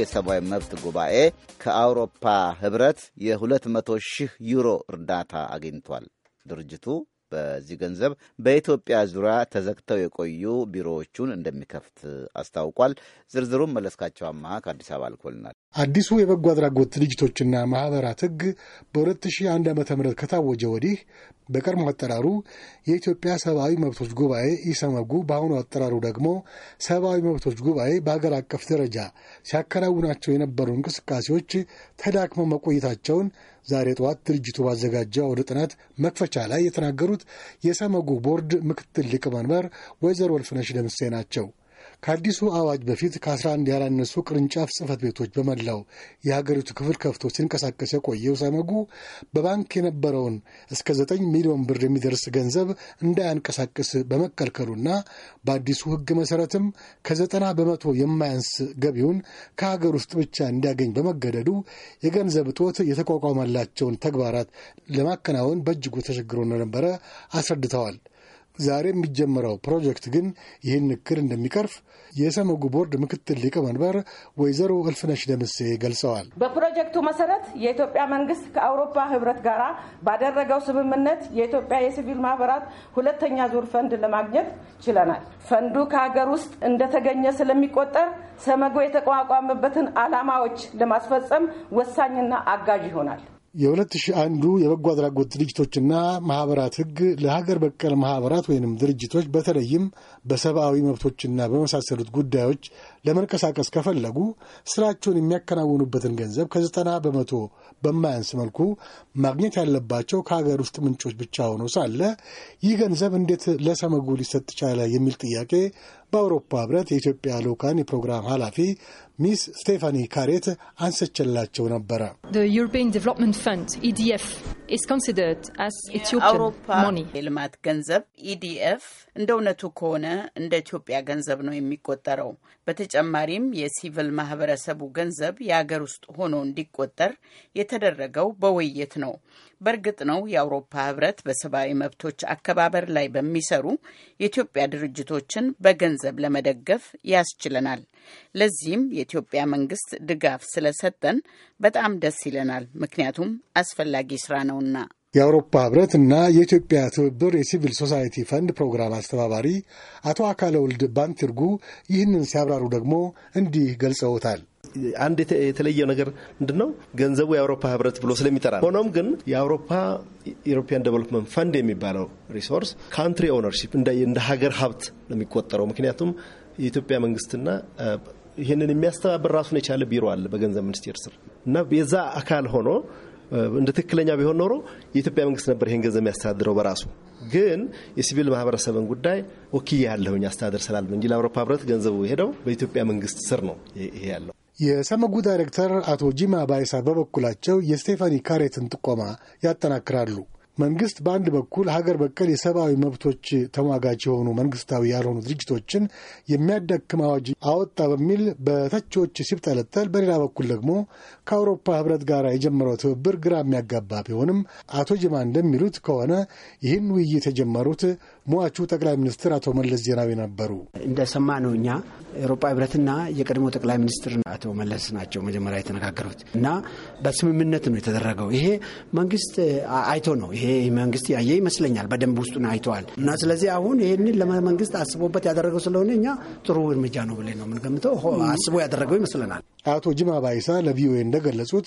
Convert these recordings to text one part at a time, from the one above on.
የሰብአዊ መብት ጉባኤ ከአውሮፓ ህብረት የ200 ሺህ ዩሮ እርዳታ አግኝቷል። ድርጅቱ በዚህ ገንዘብ በኢትዮጵያ ዙሪያ ተዘግተው የቆዩ ቢሮዎቹን እንደሚከፍት አስታውቋል። ዝርዝሩም መለስካቸው አመሃ ከአዲስ አበባ ልኮልናል። አዲሱ የበጎ አድራጎት ድርጅቶችና ማህበራት ህግ በ2001 ም ከታወጀ ወዲህ በቀድሞ አጠራሩ የኢትዮጵያ ሰብአዊ መብቶች ጉባኤ ኢሰመጉ፣ በአሁኑ አጠራሩ ደግሞ ሰብአዊ መብቶች ጉባኤ በሀገር አቀፍ ደረጃ ሲያከናውናቸው የነበሩ እንቅስቃሴዎች ተዳክመው መቆየታቸውን ዛሬ ጠዋት ድርጅቱ ባዘጋጀው አውደ ጥናት መክፈቻ ላይ የተናገሩት የሰመጉ ቦርድ ምክትል ሊቀመንበር ወይዘሮ ወልፍነሽ ደምሴ ናቸው። ከአዲሱ አዋጅ በፊት ከ11 ያላነሱ ቅርንጫፍ ጽህፈት ቤቶች በመላው የሀገሪቱ ክፍል ከፍቶ ሲንቀሳቀስ የቆየው ሰመጉ በባንክ የነበረውን እስከ 9 ሚሊዮን ብር የሚደርስ ገንዘብ እንዳያንቀሳቅስ በመከልከሉና በአዲሱ ሕግ መሠረትም ከዘጠና በመቶ የማያንስ ገቢውን ከሀገር ውስጥ ብቻ እንዲያገኝ በመገደዱ የገንዘብ እጦት የተቋቋመላቸውን ተግባራት ለማከናወን በእጅጉ ተቸግሮ እንደነበረ አስረድተዋል። ዛሬ የሚጀመረው ፕሮጀክት ግን ይህን እክል እንደሚቀርፍ የሰመጉ ቦርድ ምክትል ሊቀመንበር ወይዘሮ እልፍነሽ ደምሴ ገልጸዋል። በፕሮጀክቱ መሰረት የኢትዮጵያ መንግስት ከአውሮፓ ህብረት ጋር ባደረገው ስምምነት የኢትዮጵያ የሲቪል ማህበራት ሁለተኛ ዙር ፈንድ ለማግኘት ችለናል። ፈንዱ ከሀገር ውስጥ እንደተገኘ ስለሚቆጠር ሰመጎ የተቋቋመበትን ዓላማዎች ለማስፈጸም ወሳኝና አጋዥ ይሆናል። የ2001 የበጎ አድራጎት ድርጅቶችና ማኅበራት ሕግ ለሀገር በቀል ማኅበራት ወይንም ድርጅቶች በተለይም በሰብአዊ መብቶችና በመሳሰሉት ጉዳዮች ለመንቀሳቀስ ከፈለጉ ሥራቸውን የሚያከናውኑበትን ገንዘብ ከዘጠና በመቶ በማያንስ መልኩ ማግኘት ያለባቸው ከሀገር ውስጥ ምንጮች ብቻ ሆኖ ሳለ ይህ ገንዘብ እንዴት ለሰመጉ ሊሰጥ ቻለ የሚል ጥያቄ በአውሮፓ ህብረት የኢትዮጵያ ልዑካን የፕሮግራም ኃላፊ ሚስ ስቴፋኒ ካሬት አንስቼላቸው ነበረ። e አውሮፓ የልማት ገንዘብ ኢዲኤፍ e እንደ እውነቱ ከሆነ እንደ ኢትዮጵያ ገንዘብ ነው የሚቆጠረው። በተጨማሪም የሲቪል ማህበረሰቡ ገንዘብ የአገር ውስጥ ሆኖ እንዲቆጠር የተደረገው በውይይት ነው። በእርግጥ ነው የአውሮፓ ህብረት በሰብአዊ መብቶች አከባበር ላይ በሚሰሩ የኢትዮጵያ ድርጅቶችን በገንዘብ በገንዘብ ለመደገፍ ያስችለናል። ለዚህም የኢትዮጵያ መንግስት ድጋፍ ስለሰጠን በጣም ደስ ይለናል፣ ምክንያቱም አስፈላጊ ስራ ነውና። የአውሮፓ ህብረት እና የኢትዮጵያ ትብብር የሲቪል ሶሳይቲ ፈንድ ፕሮግራም አስተባባሪ አቶ አካለ ወልድ ባንቲርጉ ይህንን ሲያብራሩ ደግሞ እንዲህ ገልጸውታል። አንድ የተለየው ነገር ምንድን ነው? ገንዘቡ የአውሮፓ ህብረት ብሎ ስለሚጠራ ሆኖም ግን የአውሮፓ ኢሮፒያን ዴቨሎፕመንት ፈንድ የሚባለው ሪሶርስ ካንትሪ ኦነርሺፕ እንደ ሀገር ሀብት ነው የሚቆጠረው። ምክንያቱም የኢትዮጵያ መንግስትና ይህንን የሚያስተባብር ራሱን የቻለ ቢሮ አለ በገንዘብ ሚኒስቴር ስር እና የዛ አካል ሆኖ እንደ ትክክለኛ ቢሆን ኖሮ የኢትዮጵያ መንግስት ነበር ይህን ገንዘብ የሚያስተዳድረው በራሱ ግን የሲቪል ማህበረሰብን ጉዳይ ወኪያ ያለሁኝ አስተዳደር ስላለ እንጂ ለአውሮፓ ህብረት ገንዘቡ ሄደው በኢትዮጵያ መንግስት ስር ነው ይሄ ያለው። የሰመጉ ዳይሬክተር አቶ ጂማ ባይሳ በበኩላቸው የስቴፋኒ ካሬትን ጥቆማ ያጠናክራሉ። መንግስት በአንድ በኩል ሀገር በቀል የሰብአዊ መብቶች ተሟጋች የሆኑ መንግስታዊ ያልሆኑ ድርጅቶችን የሚያዳክም አዋጅ አወጣ በሚል በተቺዎች ሲብጠለጠል፣ በሌላ በኩል ደግሞ ከአውሮፓ ህብረት ጋር የጀመረው ትብብር ግራ የሚያጋባ ቢሆንም አቶ ጅማ እንደሚሉት ከሆነ ይህን ውይይት የጀመሩት ሟቹ ጠቅላይ ሚኒስትር አቶ መለስ ዜናዊ ነበሩ። እንደሰማ ነው እኛ የአውሮፓ ህብረትና የቀድሞ ጠቅላይ ሚኒስትር አቶ መለስ ናቸው መጀመሪያ የተነጋገሩት እና በስምምነት ነው የተደረገው። ይሄ መንግስት አይቶ ነው ይሄ መንግስት ያየ ይመስለኛል። በደንብ ውስጡን አይተዋል እና ስለዚህ አሁን ይህንን ለመንግስት አስቦበት ያደረገው ስለሆነ እኛ ጥሩ እርምጃ ነው ብለን ነው የምንገምተው። አስቦ ያደረገው ይመስለናል። አቶ ጅማ ባይሳ ለቪኦኤ እንደገለጹት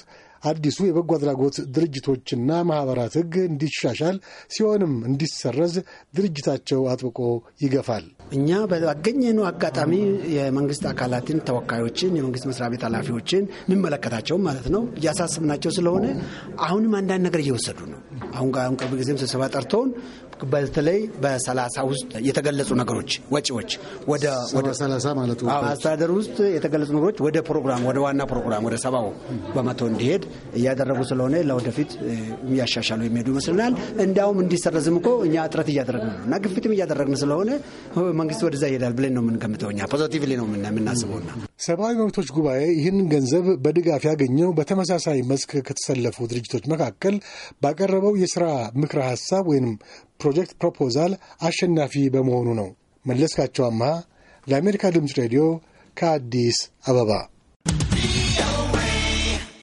አዲሱ የበጎ አድራጎት ድርጅቶችና ማህበራት ህግ እንዲሻሻል ሲሆንም እንዲሰረዝ ድርጅታቸው አጥብቆ ይገፋል። እኛ ባገኘነው አጋጣሚ የመንግስት አካላትን ተወካዮችን፣ የመንግስት መስሪያ ቤት ኃላፊዎችን የሚመለከታቸውም ማለት ነው እያሳስብናቸው ስለሆነ አሁንም አንዳንድ ነገር እየወሰዱ ነው። አሁን ቅርብ ጊዜም ስብሰባ ጠርቶን በተለይ በሰላሳ ውስጥ የተገለጹ ነገሮች ወጪዎች ወደ አስተዳደር ውስጥ የተገለጹ ነገሮች ወደ ፕሮግራም ወደ ዋና ፕሮግራም ወደ ሰባው በመቶ እንዲሄድ እያደረጉ ስለሆነ ለወደፊት እያሻሻሉ የሚሄዱ ይመስልናል። እንዲያውም እንዲሰረዝም እኮ እኛ ጥረት እያደረግን ነው እና ግፊትም እያደረግን ስለሆነ መንግስት ወደዛ ይሄዳል ብለን ነው የምንገምተው። እኛ ነው የምናስበውና ሰብአዊ መብቶች ጉባኤ ይህንን ገንዘብ በድጋፍ ያገኘው በተመሳሳይ መስክ ከተሰለፉ ድርጅቶች መካከል ባቀረበው የሥራ ምክረ ሐሳብ ወይም ፕሮጀክት ፕሮፖዛል አሸናፊ በመሆኑ ነው። መለስካቸው አምሃ ለአሜሪካ ድምፅ ሬዲዮ ከአዲስ አበባ